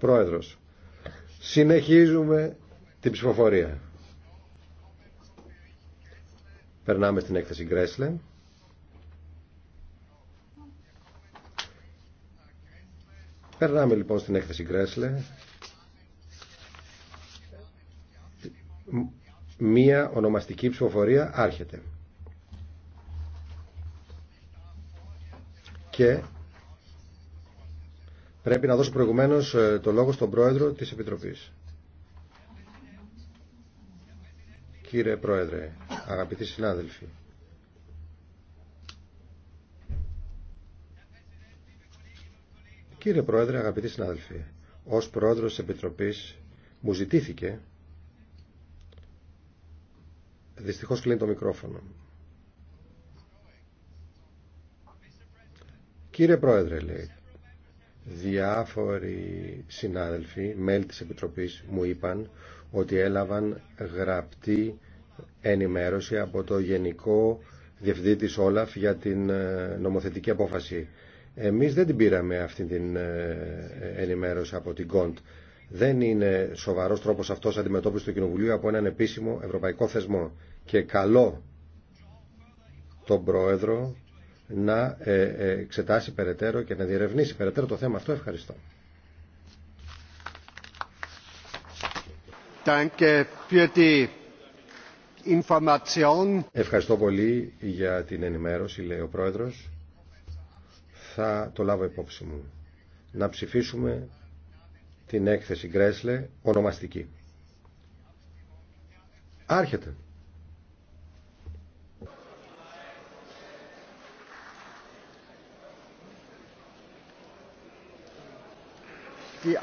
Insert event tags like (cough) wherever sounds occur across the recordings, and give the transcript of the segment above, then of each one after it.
Πρόεδρος, συνεχίζουμε την ψηφοφορία. Περνάμε στην έκθεση Γκρέσλε. Περνάμε λοιπόν στην έκθεση Γκρέσλε. Μία ονομαστική ψηφοφορία άρχεται. Και Πρέπει να δώσω προηγουμένω ε, το λόγο στον Πρόεδρο της Επιτροπής. Κύριε Πρόεδρε, αγαπητοί συνάδελφοι, Κύριε Πρόεδρε, αγαπητοί συνάδελφοι, ως Πρόεδρος της Επιτροπής μου ζητήθηκε Δυστυχώς κλείνει το μικρόφωνο. Κύριε Πρόεδρε, λέει, διάφοροι συνάδελφοι, μέλη της Επιτροπής, μου είπαν ότι έλαβαν γραπτή ενημέρωση από το Γενικό Διευθυντή της Όλαφ για την ε, νομοθετική απόφαση. Εμείς δεν την πήραμε αυτή την ε, ενημέρωση από την ΚΟΝΤ. Δεν είναι σοβαρός τρόπος αυτός αντιμετώπιση του Κοινοβουλίου από έναν επίσημο ευρωπαϊκό θεσμό. Και καλό τον Πρόεδρο να ε, ε, εξετάσει περαιτέρω και να διερευνήσει περαιτέρω το θέμα αυτό. Ευχαριστώ. Ευχαριστώ πολύ για την ενημέρωση, λέει ο Πρόεδρος. Θα το λάβω υπόψη μου. Να ψηφίσουμε την έκθεση Γκρέσλε ονομαστική. Άρχεται. Die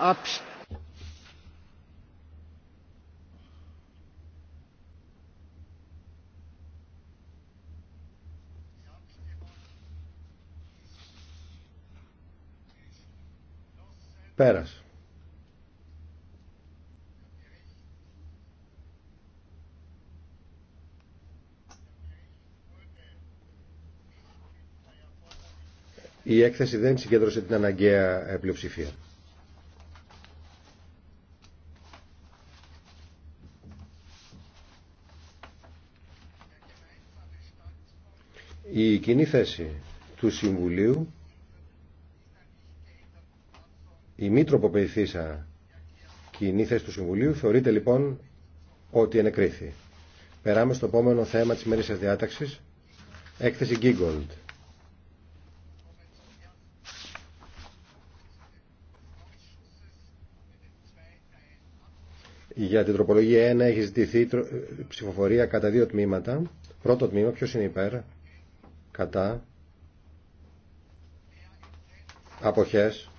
Πέρας. Η έκθεση δεν συγκέντρωσε την αναγκαία πλειοψηφία. Η κοινή θέση του Συμβουλίου η μη τροποποιηθήσα κοινή θέση του Συμβουλίου θεωρείται λοιπόν ότι ενεκρίθη. Περάμε στο επόμενο θέμα της μέρης διάταξης, έκθεση Giegold. Για την τροπολογία 1 έχει ζητηθεί ψηφοφορία κατά δύο τμήματα. Πρώτο τμήμα, ποιος είναι υπέρ, κατά αποχές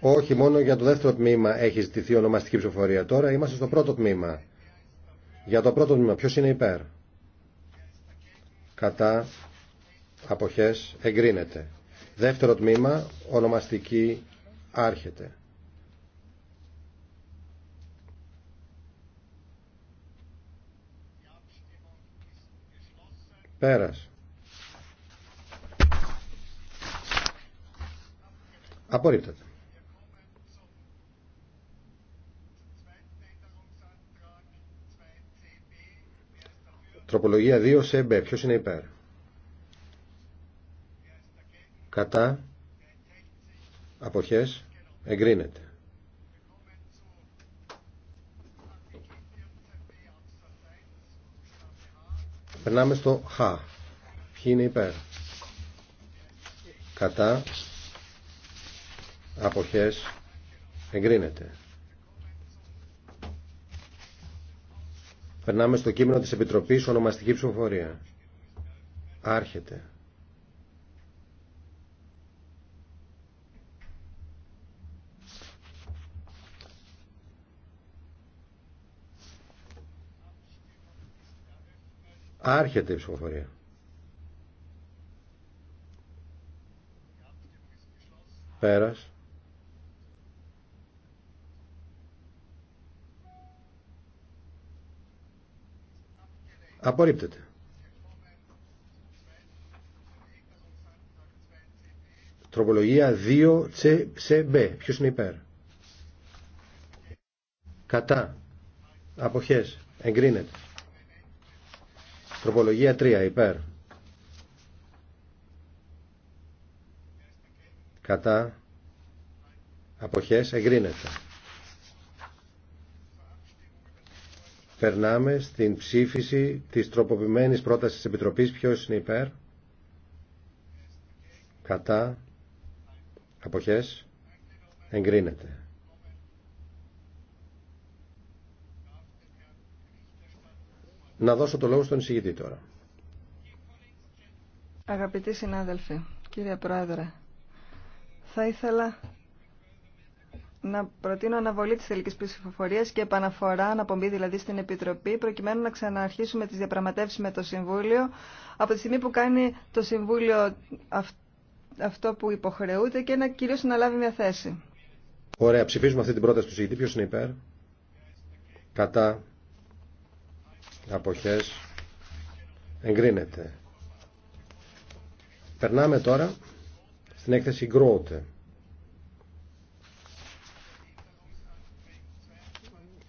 όχι μόνο για το δεύτερο τμήμα έχει ζητηθεί ονομαστική ψηφοφορία τώρα είμαστε στο πρώτο τμήμα για το πρώτο τμήμα ποιος είναι υπέρ κατά αποχές εγκρίνεται δεύτερο τμήμα ονομαστική άρχεται Πέρας. Απορρίπτεται. Τροπολογία 2 σε μπε. Ποιος είναι υπέρ. Κατά. Αποχές. Εγκρίνεται. Περνάμε στο Χ. Ποιοι είναι υπέρ. Κατά. Αποχές. Εγκρίνεται. Περνάμε στο κείμενο της Επιτροπής ονομαστική ψηφοφορία. Άρχεται. Άρχεται η ψηφοφορία. Πέρας. Απορρίπτεται. Τροπολογία 2 ΣΕ σε B. Ποιος είναι υπέρ. Κατά. Αποχές. Εγκρίνεται. Τροπολογία 3 υπέρ. Κατά αποχές εγκρίνεται. Περνάμε στην ψήφιση της τροποποιημένης πρότασης της Επιτροπής. Ποιος είναι υπέρ. Κατά αποχές εγκρίνεται. Να δώσω το λόγο στον εισηγητή τώρα. Αγαπητοί συνάδελφοι, κύριε Πρόεδρε, θα ήθελα να προτείνω αναβολή της τελικής ψηφοφορίας και επαναφορά, αναπομπή δηλαδή στην Επιτροπή, προκειμένου να ξαναρχίσουμε τις διαπραγματεύσεις με το Συμβούλιο από τη στιγμή που κάνει το Συμβούλιο αυτό που υποχρεούται και να κυρίως να λάβει μια θέση. Ωραία, ψηφίζουμε αυτή την πρόταση του συζητή. Ποιος είναι υπέρ, κατά, αποχές εγκρίνεται. Περνάμε τώρα στην έκθεση Γκρότε.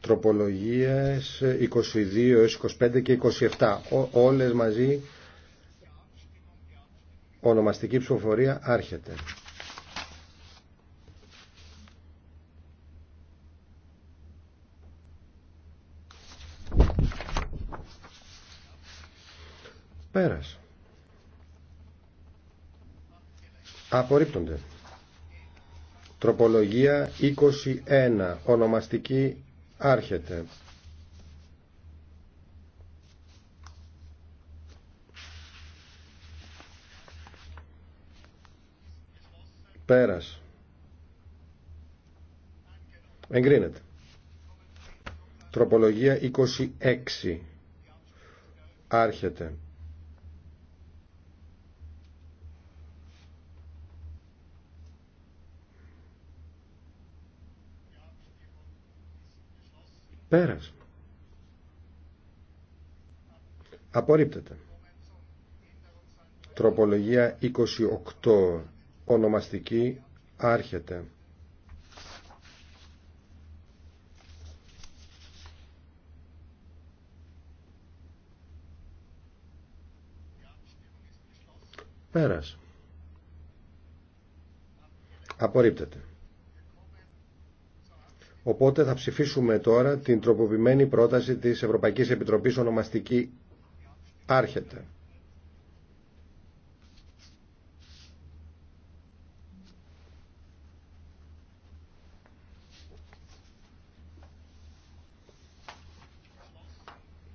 Τροπολογίες 22, 25 και 27. Όλες μαζί ονομαστική ψηφοφορία άρχεται. Πέρας. Απορρίπτονται. Τροπολογία 21. Ονομαστική άρχεται. Πέρας. Εγκρίνεται. Τροπολογία 26. Άρχεται. Πέρας. Απορρίπτεται. Τροπολογία 28. Ονομαστική άρχεται. Πέρας. Απορρίπτεται. Οπότε θα ψηφίσουμε τώρα την τροποποιημένη πρόταση της Ευρωπαϊκής Επιτροπής ονομαστική άρχεται.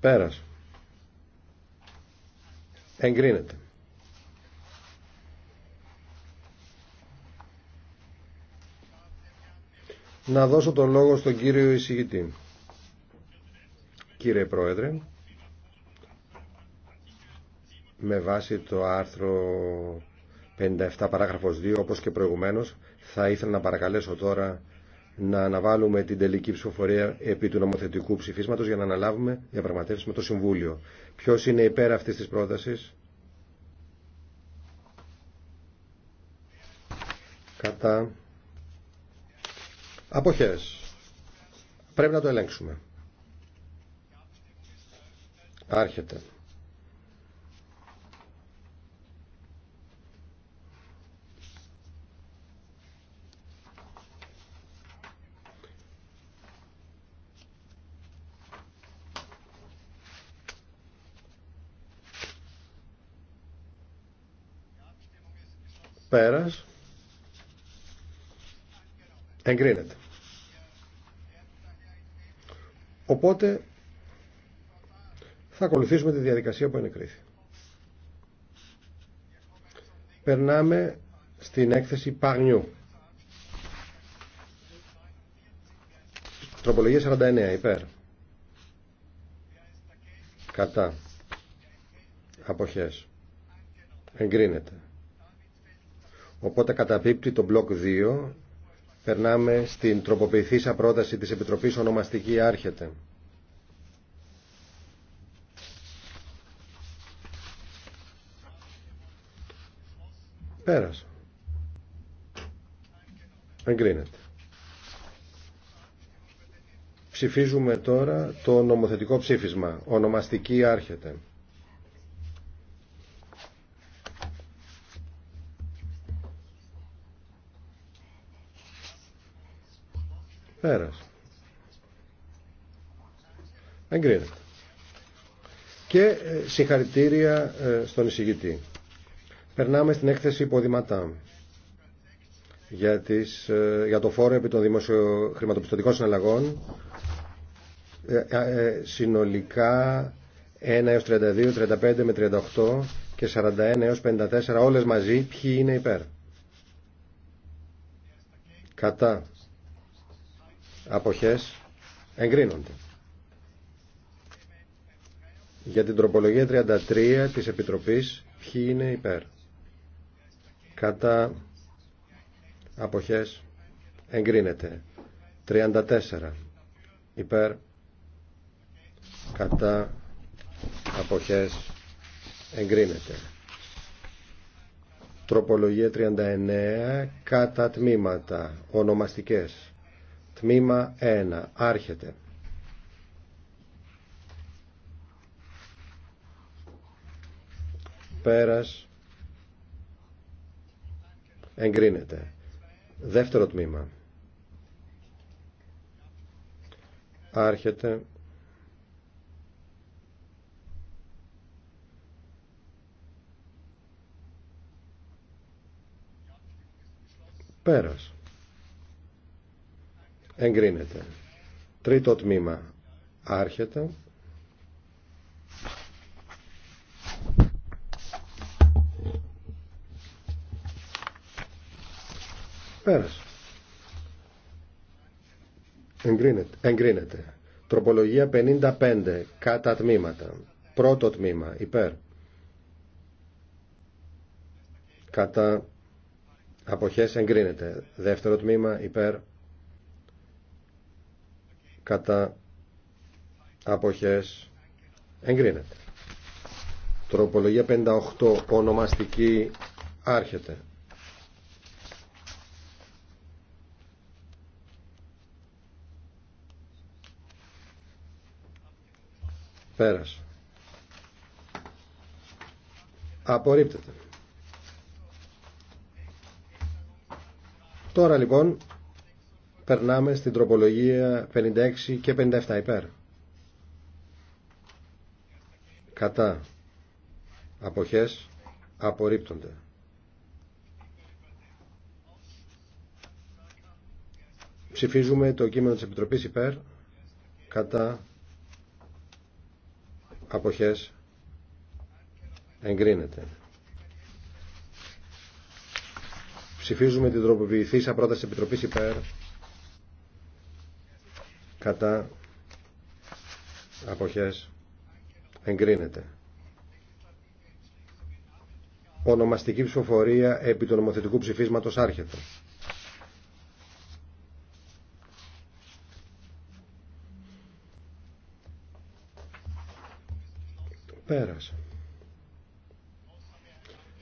Πέρας. Εγκρίνεται. να δώσω τον λόγο στον κύριο εισηγητή. Κύριε Πρόεδρε, με βάση το άρθρο 57 παράγραφος 2 όπως και προηγουμένως θα ήθελα να παρακαλέσω τώρα να αναβάλουμε την τελική ψηφοφορία επί του νομοθετικού ψηφίσματος για να αναλάβουμε διαπραγματεύσεις με το Συμβούλιο. Ποιος είναι υπέρ αυτής της πρότασης? Κατά Αποχές. Πρέπει να το ελέγξουμε. Άρχεται. Πέρας. Εγκρίνεται. Οπότε θα ακολουθήσουμε τη διαδικασία που ενεκρίθη. Περνάμε στην έκθεση Παγνιού. Τροπολογία 49, υπέρ. Κατά. Αποχές. Εγκρίνεται. Οπότε καταπίπτει το μπλοκ 2 Περνάμε στην τροποποιηθήσα πρόταση της Επιτροπής Ονομαστική Άρχεται. Πέρασε. Εγκρίνεται. Ψηφίζουμε τώρα το νομοθετικό ψήφισμα. Ονομαστική άρχεται. Πέρας. Εγκρίνεται. Και ε, συγχαρητήρια ε, στον εισηγητή. Περνάμε στην έκθεση υποδηματά για, τις, ε, για το φόρο επί των δημοσιοχρηματοπιστωτικών συναλλαγών συνολικά 1 έως 32, 35 με 38 και 41 έως 54 όλες μαζί ποιοι είναι υπέρ. Κατά αποχές εγκρίνονται. Για την τροπολογία 33 της Επιτροπής ποιοι είναι υπέρ. Κατά αποχές εγκρίνεται. 34 υπέρ κατά αποχές εγκρίνεται. Τροπολογία 39 κατά τμήματα ονομαστικές Τμήμα 1. Άρχεται. Πέρας. Εγκρίνεται. Δεύτερο τμήμα. Άρχεται. Πέρας. Εγκρίνεται. Τρίτο τμήμα. Άρχεται. Πέρασε. Εγκρίνεται. Εγκρίνεται. Τροπολογία 55. Κατά τμήματα. Πρώτο τμήμα. Υπέρ. Κατά αποχές εγκρίνεται. Δεύτερο τμήμα. Υπέρ κατά αποχές εγκρίνεται. Τροπολογία 58 ονομαστική άρχεται. Πέρασε. Απορρίπτεται. Τώρα λοιπόν Περνάμε στην τροπολογία 56 και 57 υπέρ. Κατά. Αποχές απορρίπτονται. Ψηφίζουμε το κείμενο της Επιτροπής υπέρ. Κατά. Αποχές εγκρίνεται. Ψηφίζουμε την τροποποιηθήσα πρόταση Επιτροπής υπέρ κατά αποχές εγκρίνεται. Ονομαστική ψηφοφορία επί του νομοθετικού ψηφίσματος άρχεται. Πέρασε.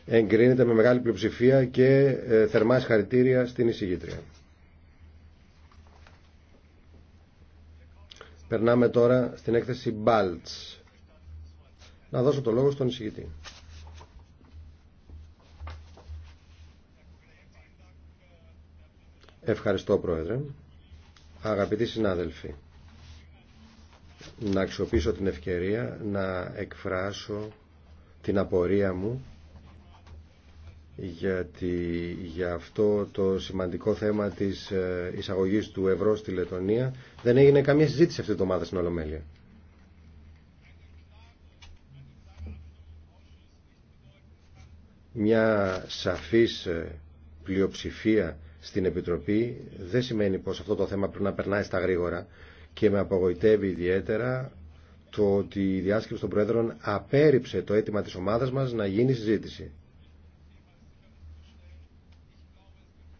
Εγκρίνεται με μεγάλη πλειοψηφία και ε, θερμά χαρητήρια στην εισηγήτρια. Περνάμε τώρα στην έκθεση Balts. Να δώσω το λόγο στον εισηγητή. Ευχαριστώ Πρόεδρε. Αγαπητοί συνάδελφοι, να αξιοποιήσω την ευκαιρία να εκφράσω την απορία μου γιατί για αυτό το σημαντικό θέμα της ε, εισαγωγής του ευρώ στη Λετωνία δεν έγινε καμία συζήτηση αυτή την ομάδα στην Ολομέλεια. Μια σαφής ε, πλειοψηφία στην Επιτροπή δεν σημαίνει πως αυτό το θέμα πρέπει να περνάει στα γρήγορα και με απογοητεύει ιδιαίτερα το ότι η διάσκεψη των Προέδρων απέρριψε το αίτημα της ομάδας μας να γίνει συζήτηση.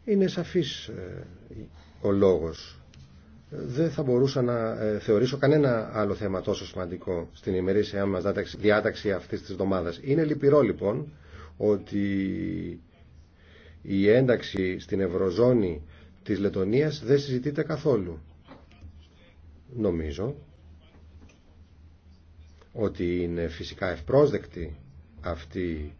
Είναι σαφής ε, ο λόγος. Δεν θα μπορούσα να ε, θεωρήσω κανένα άλλο θέμα τόσο σημαντικό στην ημερήσια μας διάταξη αυτής της εβδομάδας. Είναι λυπηρό λοιπόν ότι η ένταξη στην Ευρωζώνη της Λετωνίας δεν συζητείται καθόλου. Νομίζω ότι είναι φυσικά ευπρόσδεκτη αυτή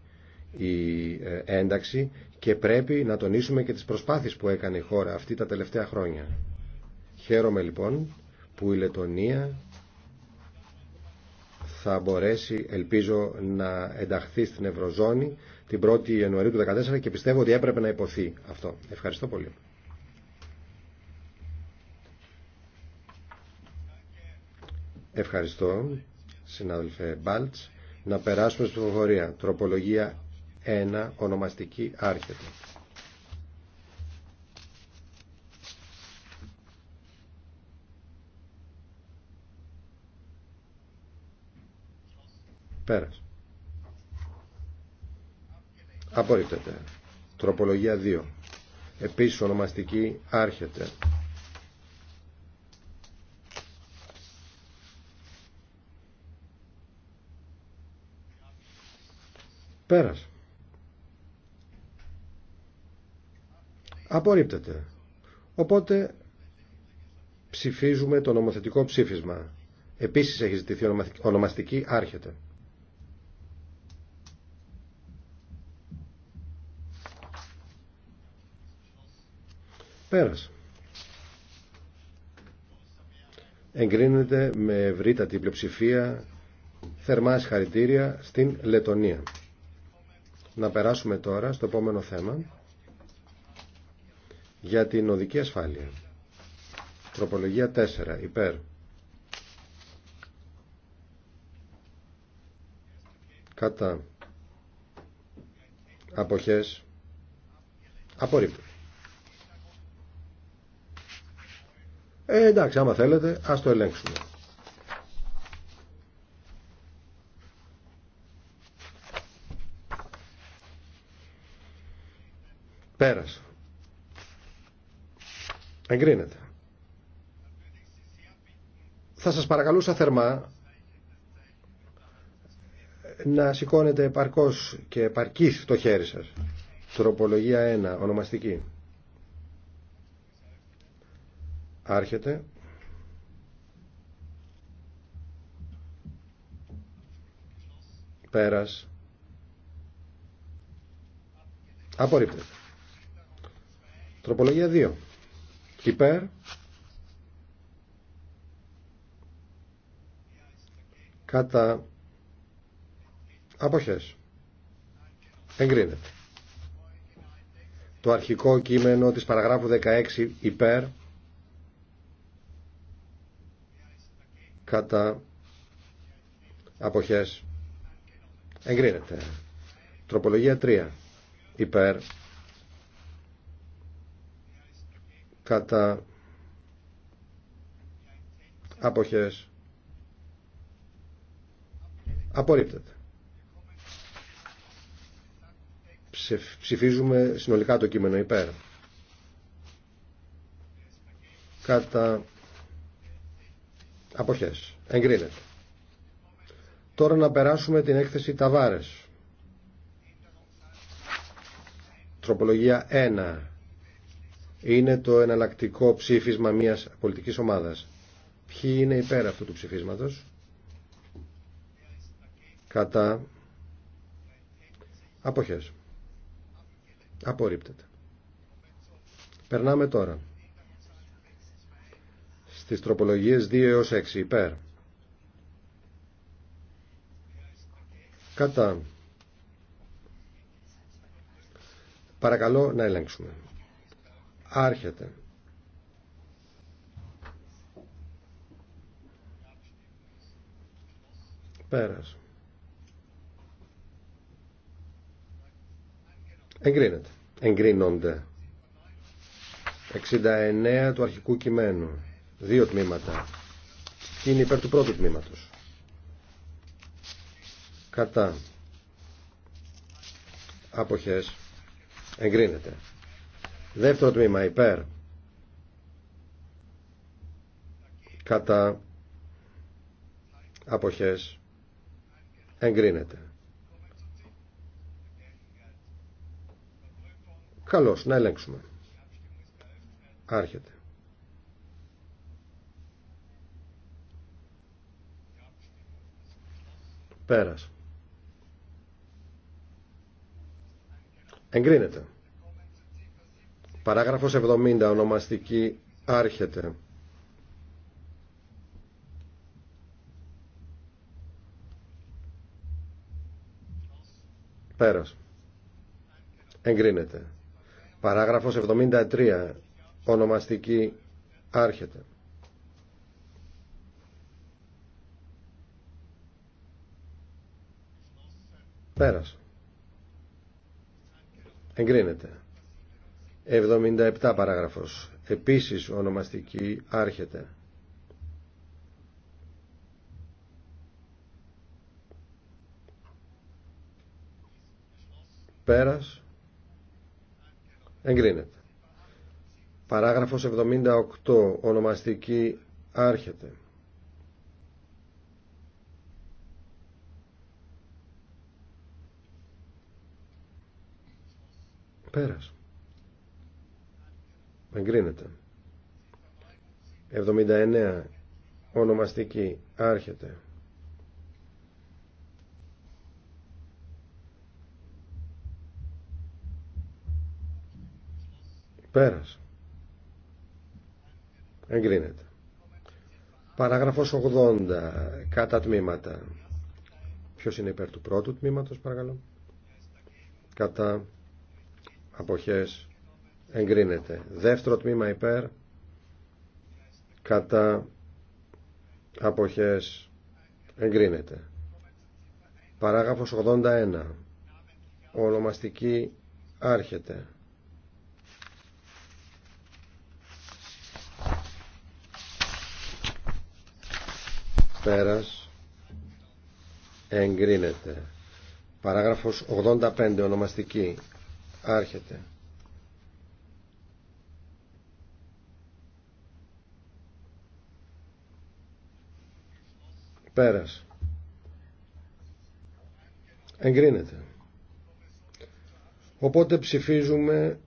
η ε, ένταξη και πρέπει να τονίσουμε και τις προσπάθειες που έκανε η χώρα αυτή τα τελευταία χρόνια. Χαίρομαι λοιπόν που η Λετωνία θα μπορέσει, ελπίζω, να ενταχθεί στην Ευρωζώνη την 1η Ιανουαρίου του 2014 και πιστεύω ότι έπρεπε να υποθεί αυτό. Ευχαριστώ πολύ. Ευχαριστώ, συνάδελφε Μπάλτς. Να περάσουμε στην προφορία. Τροπολογία ένα ονομαστική άρχεται. Πέρας. Απορρίπτεται. Τροπολογία 2. Επίσης ονομαστική άρχεται. Πέρας. Απορρίπτεται. Οπότε ψηφίζουμε το νομοθετικό ψήφισμα. Επίσης έχει ζητηθεί ονομαστική άρχεται. Πέρασε. Εγκρίνεται με ευρύτατη πλειοψηφία θερμά συγχαρητήρια στην Λετωνία. Να περάσουμε τώρα στο επόμενο θέμα για την οδική ασφάλεια. Τροπολογία 4. Υπέρ. Κατά. Αποχές. Απορρίπτω. Ε, εντάξει, άμα θέλετε, ας το ελέγξουμε. Πέρασε. Εγκρίνεται. Θα σας παρακαλούσα θερμά να σηκώνετε επαρκώς και επαρκής το χέρι σας. Τροπολογία 1, ονομαστική. Άρχεται. Πέρας. Απορρίπτεται. Τροπολογία 2. Υπέρ. Κατά. Αποχές. Εγκρίνεται. Το αρχικό κείμενο της παραγράφου 16 υπέρ. Κατά. Αποχές. Εγκρίνεται. Τροπολογία 3. Υπέρ. κατά αποχές απορρίπτεται. Ψηφίζουμε συνολικά το κείμενο υπέρ. Κατά αποχές. Εγκρίνεται. Τώρα να περάσουμε την έκθεση Ταβάρες. Τροπολογία 1 είναι το εναλλακτικό ψήφισμα μιας πολιτικής ομάδας. Ποιοι είναι υπέρ αυτού του ψηφίσματος. Κατά. Αποχές. Απορρίπτεται. Περνάμε τώρα. Στις τροπολογίες 2 έως 6 υπέρ. Κατά. Παρακαλώ να ελέγξουμε. Άρχεται. πέρασε, Εγκρίνεται. Εγκρίνονται. 69 του αρχικού κειμένου. Δύο τμήματα. Και είναι υπέρ του πρώτου τμήματος. Κατά. Αποχές. Εγκρίνεται. Δεύτερο τμήμα υπέρ. Κατά αποχές εγκρίνεται. Καλώς, να ελέγξουμε. Άρχεται. Πέρας. Εγκρίνεται. Παράγραφος 70. Ονομαστική άρχεται. Πέρας. Εγκρίνεται. Παράγραφος 73. Ονομαστική άρχεται. Πέρας. Εγκρίνεται. 77 παράγραφος. Επίσης ονομαστική άρχεται. Πέρας. Εγκρίνεται. Παράγραφος 78 ονομαστική άρχεται. Πέρας. Εγκρίνεται. 79. Ονομαστική. Άρχεται. Πέρας. Εγκρίνεται. Παράγραφος 80. Κατά τμήματα. Ποιος είναι υπέρ του πρώτου τμήματος παρακαλώ. Κατά αποχές εγκρίνεται. Δεύτερο τμήμα υπέρ κατά αποχές εγκρίνεται. Παράγραφος 81. Ονομαστική άρχεται. Πέρας εγκρίνεται. Παράγραφος 85. Ονομαστική άρχεται. Πέρας. Εγκρίνεται. Οπότε ψηφίζουμε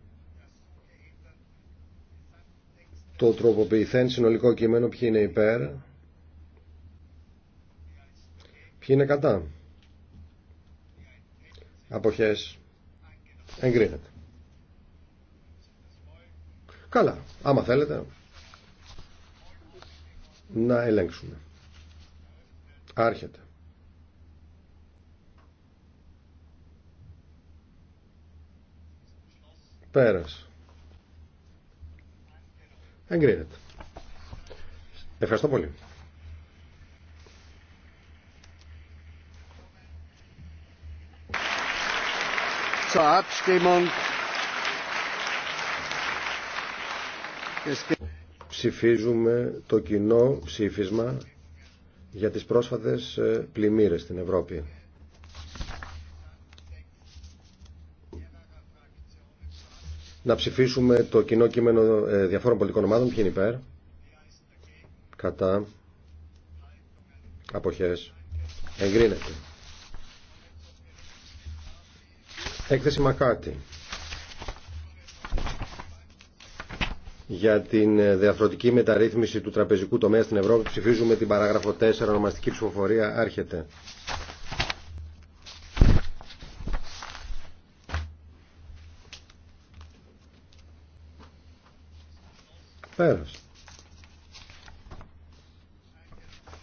το τροποποιηθέν συνολικό κείμενο ποιοι είναι υπέρ ποιοι είναι κατά αποχές εγκρίνεται καλά άμα θέλετε να ελέγξουμε Άρχεται. Πέρας. Εγκρίνεται. Ευχαριστώ πολύ. Ψηφίζουμε το κοινό ψήφισμα για τις πρόσφατες ε, πλημμύρες στην Ευρώπη. Να ψηφίσουμε το κοινό κείμενο ε, διαφόρων πολιτικών ομάδων. Ποιοι είναι υπέρ. Κατά. Αποχές. Εγκρίνεται. Έκθεση Μακάτι. για την ε, διαφορετική μεταρρύθμιση του τραπεζικού τομέα στην Ευρώπη. Ψηφίζουμε την παράγραφο 4, ονομαστική ψηφοφορία. Άρχεται. Πέρασε.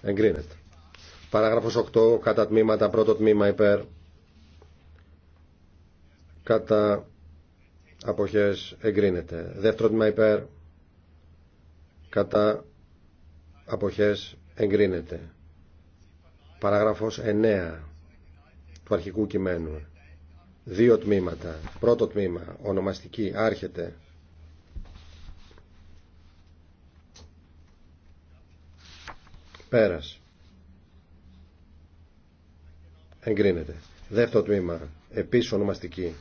Εγκρίνεται. Παράγραφος 8. Κατά τμήματα. Πρώτο τμήμα υπέρ. Κατά αποχές εγκρίνεται. Δεύτερο τμήμα υπέρ κατά αποχές εγκρίνεται. Παράγραφος 9 του αρχικού κειμένου. Δύο τμήματα. Πρώτο τμήμα, ονομαστική, άρχεται. Πέρας. Εγκρίνεται. Δεύτερο τμήμα, επίσης ονομαστική,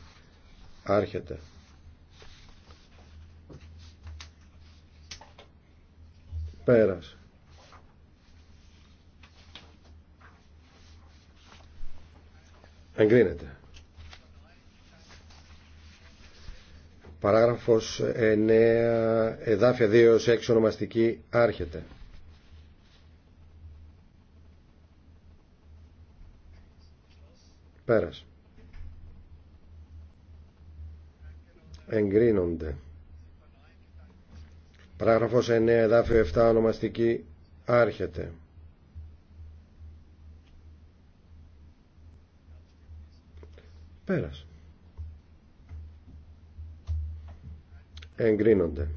άρχεται. Πέρας. Εγκρίνεται. Παράγραφος 9, εδάφια 2 σε 6 ονομαστική άρχεται. Πέρας. Εγκρίνονται. Παράγραφος 9 εδάφιο 7 ονομαστική άρχεται. Πέρας. Εγκρίνονται.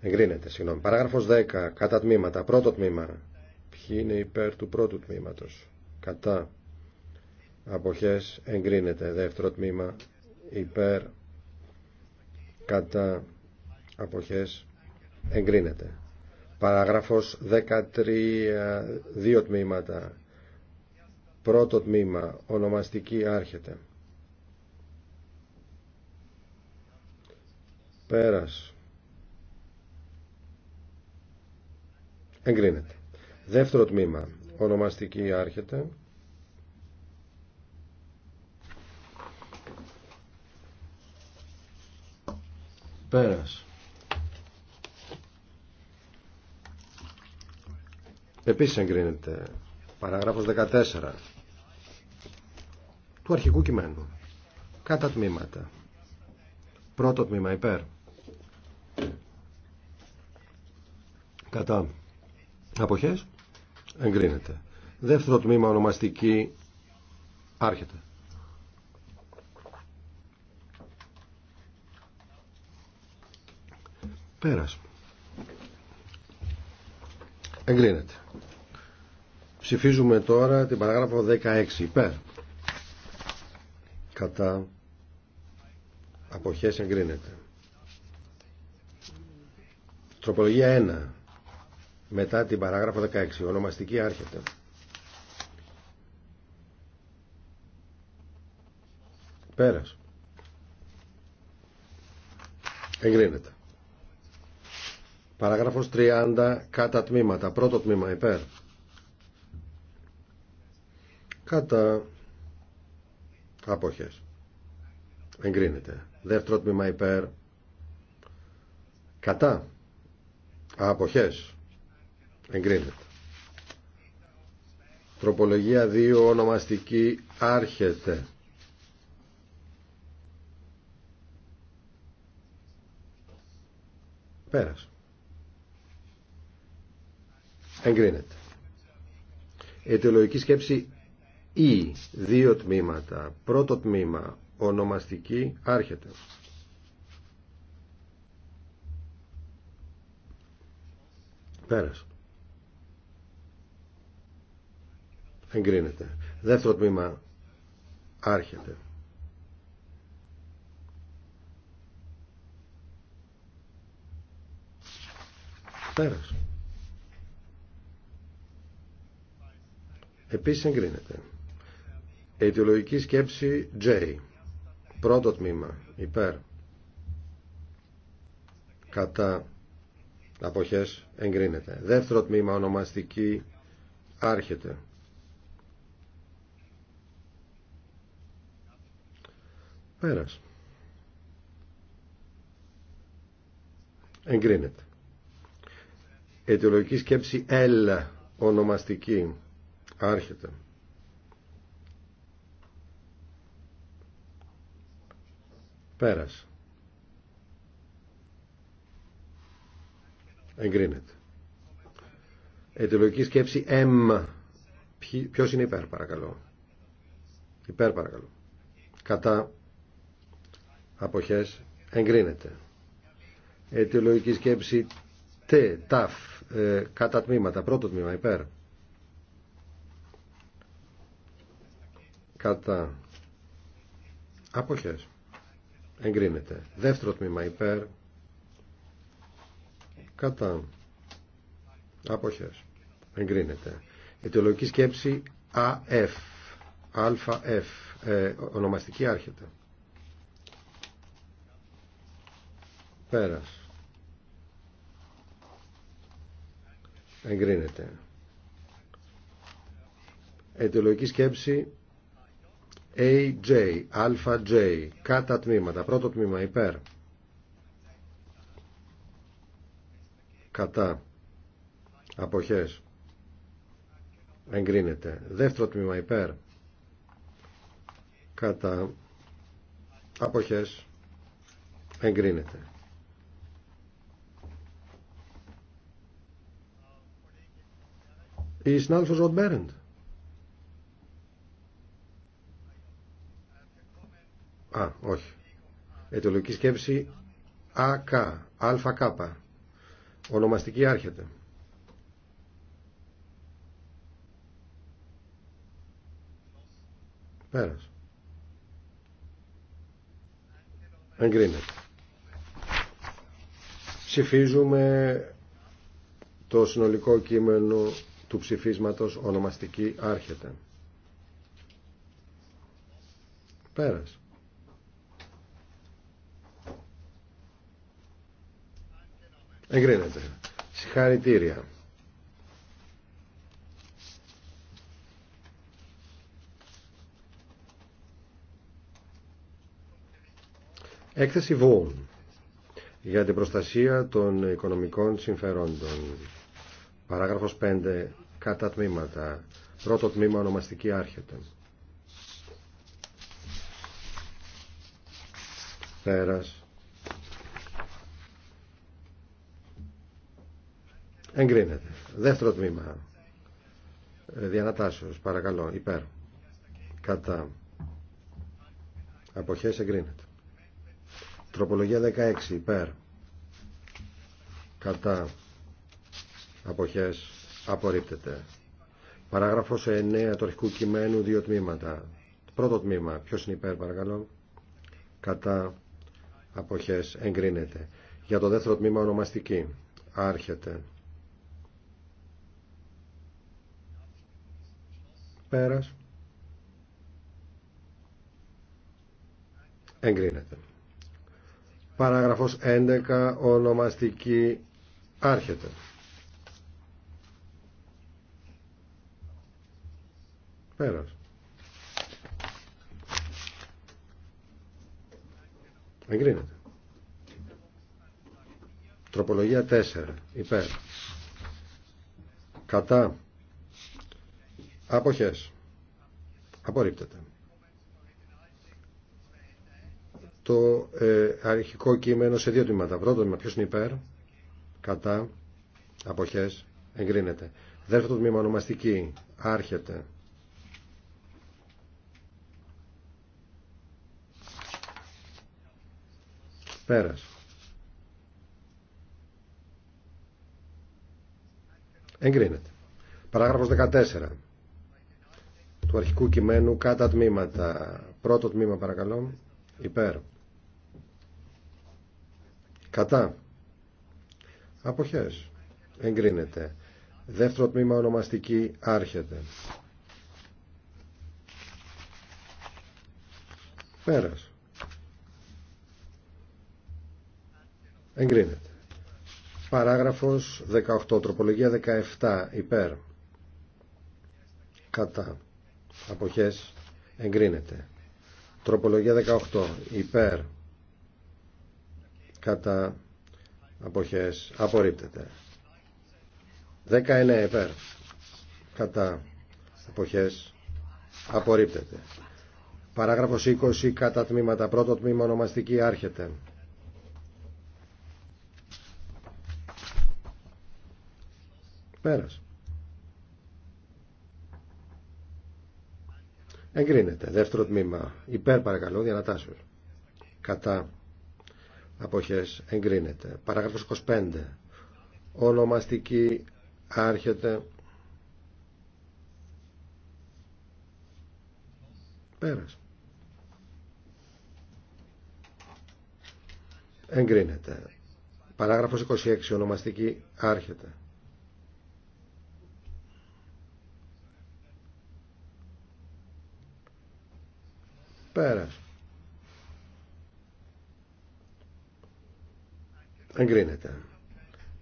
Εγκρίνεται, συγγνώμη. Παράγραφος 10. Κατά τμήματα. Πρώτο τμήμα. Ποιοι είναι υπέρ του πρώτου τμήματος. Κατά. Αποχές εγκρίνεται. Δεύτερο τμήμα. Υπέρ. Κατά. Αποχές εγκρίνεται. Παράγραφος 13, δύο τμήματα. Πρώτο τμήμα, ονομαστική άρχεται. Πέρας. Εγκρίνεται. Δεύτερο τμήμα, ονομαστική άρχεται. Πέρας. Επίση εγκρίνεται παράγραφος 14 του αρχικού κειμένου. Κατά τμήματα. Πρώτο τμήμα υπέρ. Κατά αποχέ. εγκρίνεται. Δεύτερο τμήμα ονομαστική άρχεται. Πέρασμα Εγκρίνεται. Ψηφίζουμε τώρα την παράγραφο 16 υπέρ. Κατά αποχές εγκρίνεται. Τροπολογία 1. Μετά την παράγραφο 16. Ονομαστική άρχεται. Πέρας. Εγκρίνεται. Παράγραφος 30. Κατά τμήματα. Πρώτο τμήμα υπέρ κατά αποχές εγκρίνεται δεύτερο τμήμα υπέρ κατά αποχές εγκρίνεται τροπολογία 2 ονομαστική άρχεται πέρας εγκρίνεται Η αιτιολογική σκέψη ή δύο τμήματα. Πρώτο τμήμα ονομαστική άρχεται. Πέρασε. Εγκρίνεται. Δεύτερο τμήμα άρχεται. Πέρασε. Επίσης εγκρίνεται. Αιτιολογική σκέψη J. Πρώτο τμήμα. Υπέρ. Κατά. Αποχές. Εγκρίνεται. Δεύτερο τμήμα. Ονομαστική. Άρχεται. Πέρας. Εγκρίνεται. Αιτιολογική σκέψη L. Ονομαστική. Άρχεται. Πέρας. Εγκρίνεται. Αιτιολογική σκέψη M. Ποιο είναι υπέρ παρακαλώ. Υπέρ παρακαλώ. Κατά αποχές εγκρίνεται. Αιτιολογική σκέψη T. Ταφ. Ε, κατά τμήματα. Πρώτο τμήμα υπέρ. Κατά αποχές εγκρίνεται. Δεύτερο τμήμα υπέρ κατά αποχές εγκρίνεται. Αιτιολογική σκέψη ΑΕΦ. ΑΕΦ. ε, ονομαστική άρχεται. Πέρας. Εγκρίνεται. Αιτιολογική σκέψη AJ, ΑJ, κατά τμήματα, πρώτο τμήμα υπέρ, κατά, αποχές, εγκρίνεται, δεύτερο τμήμα υπέρ, κατά, αποχές, εγκρίνεται. Η συνάδελφος Ροντ Α, όχι. Αιτιολογική σκέψη ΑΚ, ΑΚ. Ονομαστική άρχεται. Πέρας. Εγκρίνεται. Ψηφίζουμε το συνολικό κείμενο του ψηφίσματος ονομαστική άρχεται. Πέρας. Εγκρίνεται. Συγχαρητήρια. Έκθεση ΒΟΟΝ για την προστασία των οικονομικών συμφερόντων. Παράγραφος 5. Κατά τμήματα. Πρώτο τμήμα ονομαστική άρχεται. Πέρας. Εγκρίνεται. Δεύτερο τμήμα. Ε, Διανατάσεως. Παρακαλώ. Υπέρ. Κατά. Αποχές εγκρίνεται. Τροπολογία 16. Υπέρ. Κατά. Αποχές απορρίπτεται. Παράγραφος 9 του αρχικού κειμένου. Δύο τμήματα. Πρώτο τμήμα. Ποιος είναι υπέρ παρακαλώ. Κατά. Αποχές εγκρίνεται. Για το δεύτερο τμήμα ονομαστική. Άρχεται. Πέρας. Εγκρίνεται. Παράγραφος 11. Ονομαστική άρχεται. Πέρας. Εγκρίνεται. Τροπολογία 4. Υπέρ. Κατά. Αποχές. Απορρίπτεται. Το ε, αρχικό κείμενο σε δύο τμήματα. Πρώτο τμήμα ποιος είναι υπέρ, κατά, αποχές, εγκρίνεται. Δεύτερο τμήμα ονομαστική, άρχεται. Πέρας. Εγκρίνεται. Παράγραφος 14 του αρχικού κειμένου κατά τμήματα. Πρώτο τμήμα παρακαλώ. Υπέρ. Κατά. Αποχές. Εγκρίνεται. Δεύτερο τμήμα ονομαστική άρχεται. Πέρας. Εγκρίνεται. Παράγραφος 18. Τροπολογία 17. Υπέρ. Κατά αποχές εγκρίνεται τροπολογία 18 υπέρ κατά αποχές απορρίπτεται 19 υπέρ κατά αποχές απορρίπτεται παράγραφος 20 κατά τμήματα πρώτο τμήμα ονομαστική άρχεται πέρας Εγκρίνεται. Δεύτερο τμήμα. Υπέρ παρακαλώ διανατάσσεω. Κατά αποχές εγκρίνεται. Παράγραφος 25. Ονομαστική άρχεται. Πέρας. Εγκρίνεται. Παράγραφος 26. Ονομαστική άρχεται. Πέρας. Εγκρίνεται.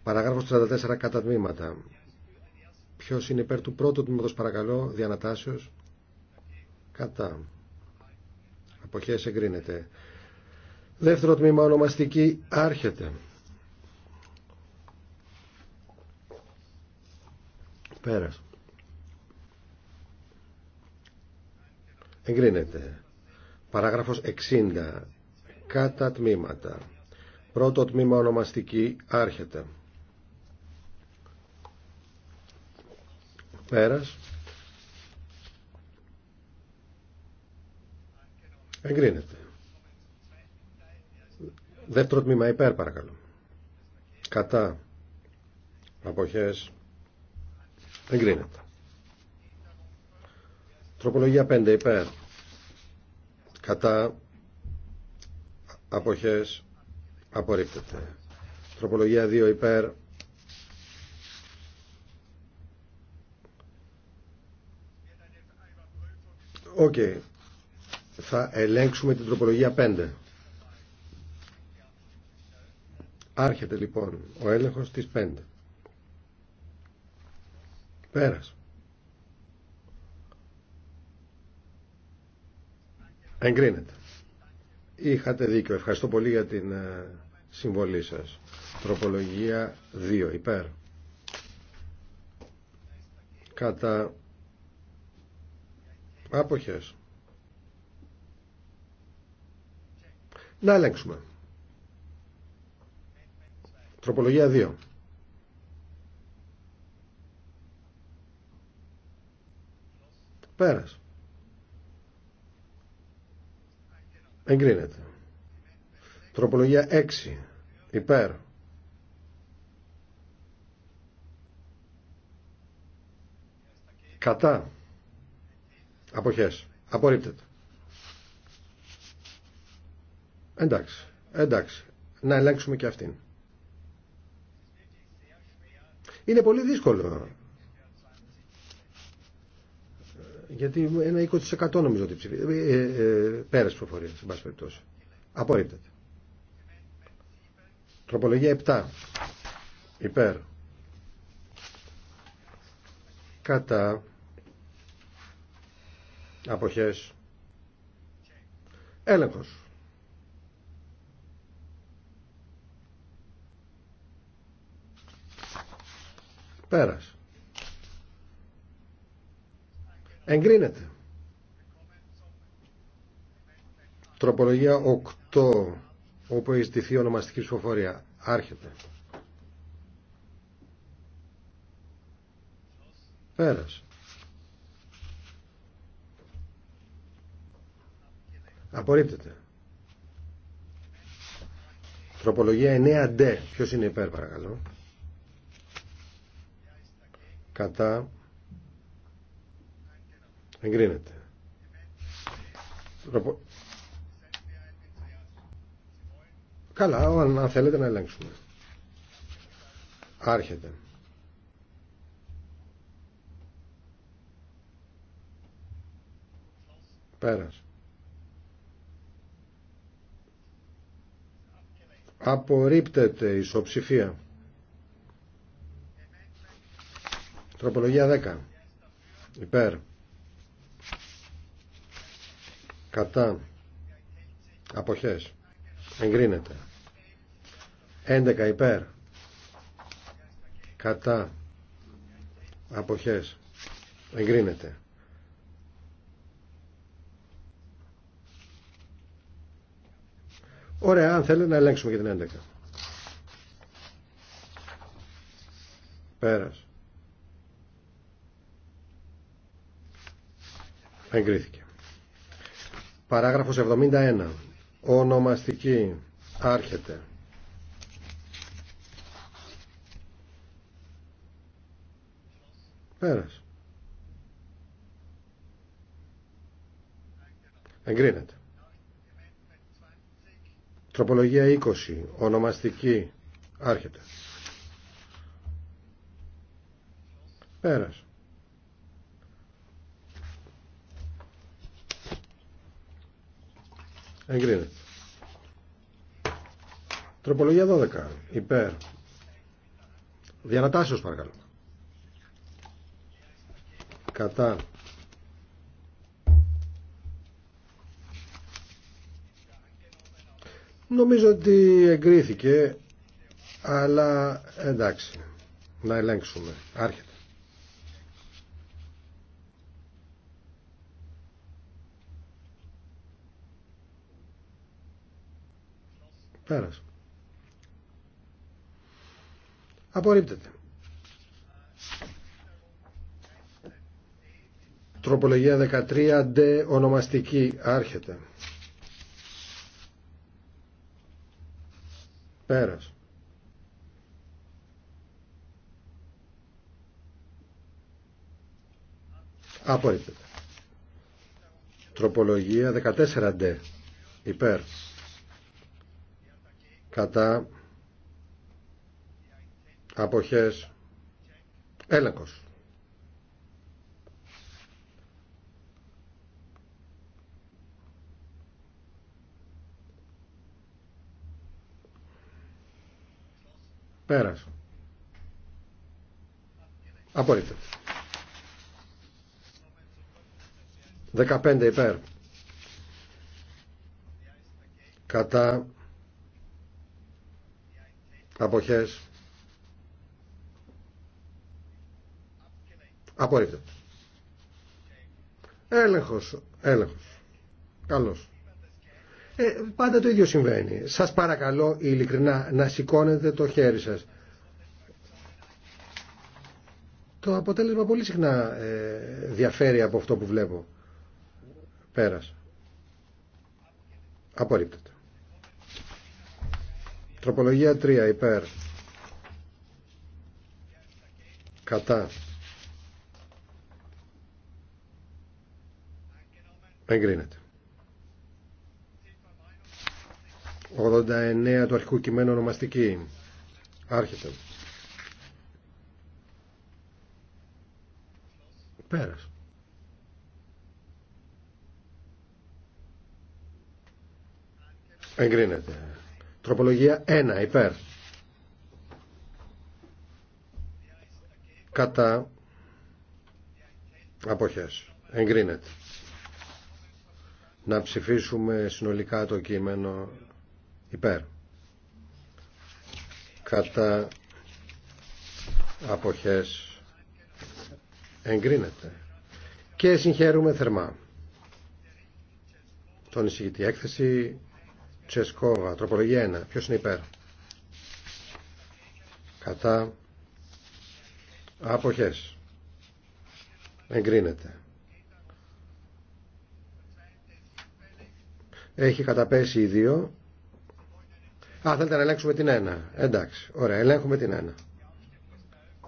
Παραγράφος 34 κατά τμήματα. Ποιος είναι υπέρ του πρώτου τμήματος παρακαλώ, διανατάσεως. Κατά. Αποχές εγκρίνεται. Δεύτερο τμήμα ονομαστική άρχεται. Πέρας. Εγκρίνεται. Παράγραφος 60. Κατά τμήματα. Πρώτο τμήμα ονομαστική άρχεται. Πέρας. Εγκρίνεται. Δεύτερο τμήμα υπέρ παρακαλώ. Κατά. Αποχές. Εγκρίνεται. Τροπολογία 5 υπέρ κατά αποχές απορρίπτεται. Τροπολογία 2 υπέρ Οκ. Θα ελέγξουμε την τροπολογία 5. Άρχεται λοιπόν ο έλεγχος της 5. Πέρας. Εγκρίνεται. Είχατε δίκιο. Ευχαριστώ πολύ για την ε, συμβολή σας. Τροπολογία 2. Υπέρ. Κατά άποχες. Να ελέγξουμε. Τροπολογία 2. Πέρας. Εγκρίνεται. Τροπολογία 6. Υπέρ. Κατά. Αποχές. Απορρίπτεται. Εντάξει. Εντάξει. Να ελέγξουμε και αυτήν. Είναι πολύ δύσκολο γιατί ένα 20% νομίζω ότι ψηφίζει. Ε, ε, ε προφορία, σε πάση περιπτώσει. Απορρίπτεται. Τροπολογία 7. Υπέρ. Κατά. Αποχές. Έλεγχος. Πέρας. Εγκρίνεται. Τροπολογία 8, όπου έχει στηθεί ονομαστική ψηφοφορία. Άρχεται. Πέρασε. Απορρίπτεται. Τροπολογία 9D. Ποιος είναι υπέρ παρακαλώ. Κατά. Εγκρίνεται. Καλά, αν θέλετε να ελέγξουμε. Άρχεται. Πέρας. Απορρίπτεται η ισοψηφία. Τροπολογία 10. Υπέρ. κατά αποχές εγκρίνεται 11 υπέρ κατά αποχές εγκρίνεται Ωραία, αν θέλετε να ελέγξουμε και την 11. Πέρας. Εγκρίθηκε. Παράγραφος 71. Ονομαστική. Άρχεται. Πέρας. Εγκρίνεται. Τροπολογία 20. Ονομαστική. Άρχεται. Πέρας. Εγκρίνεται. Τροπολογία 12. Υπέρ. Διανατάσεως παρακαλώ. Κατά. Νομίζω ότι εγκρίθηκε, αλλά εντάξει, να ελέγξουμε. Άρχεται. Πέρας. Απορρίπτεται. Τροπολογία 13 ντε ονομαστική άρχεται. Πέρας. Απορρίπτεται. Τροπολογία 14 ντε υπέρ κατά αποχές έλεγχος. Πέρασε. Απόρριτε. 15 υπέρ. Κατά Αποχές. Απορρίπτεται. Έλεγχος. Έλεγχος. Καλός. Ε, πάντα το ίδιο συμβαίνει. Σας παρακαλώ ειλικρινά να σηκώνετε το χέρι σας. Το αποτέλεσμα πολύ συχνά ε, διαφέρει από αυτό που βλέπω. Πέρας. Απορρίπτεται. Τροπολογία 3 υπέρ. Κατά. Εγκρίνεται. 89 του αρχικού κειμένου ονομαστική. Άρχεται. Πέρας. Εγκρίνεται. Τροπολογία 1 υπέρ. Κατά αποχές. Εγκρίνεται. Να ψηφίσουμε συνολικά το κείμενο υπέρ. Κατά αποχές. Εγκρίνεται. Και συγχαίρουμε θερμά. Τον εισηγητή έκθεση Τσεσκόβα, τροπολογία 1. Ποιος είναι υπέρ. Κατά αποχές. Εγκρίνεται. Έχει καταπέσει οι 2. Α, θέλετε να ελέγξουμε την 1. Εντάξει, ωραία, ελέγχουμε την 1.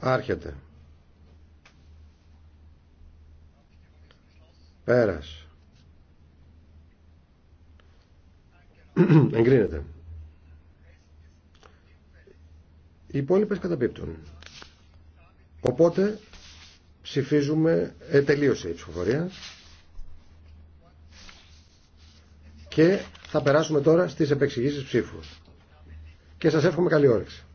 Άρχεται. Πέρας. (clears throat) Εγκρίνεται. Οι υπόλοιπε καταπίπτουν. Οπότε ψηφίζουμε, ε, τελείωσε η ψηφοφορία και θα περάσουμε τώρα στις επεξηγήσεις ψήφου. Και σας εύχομαι καλή όρεξη.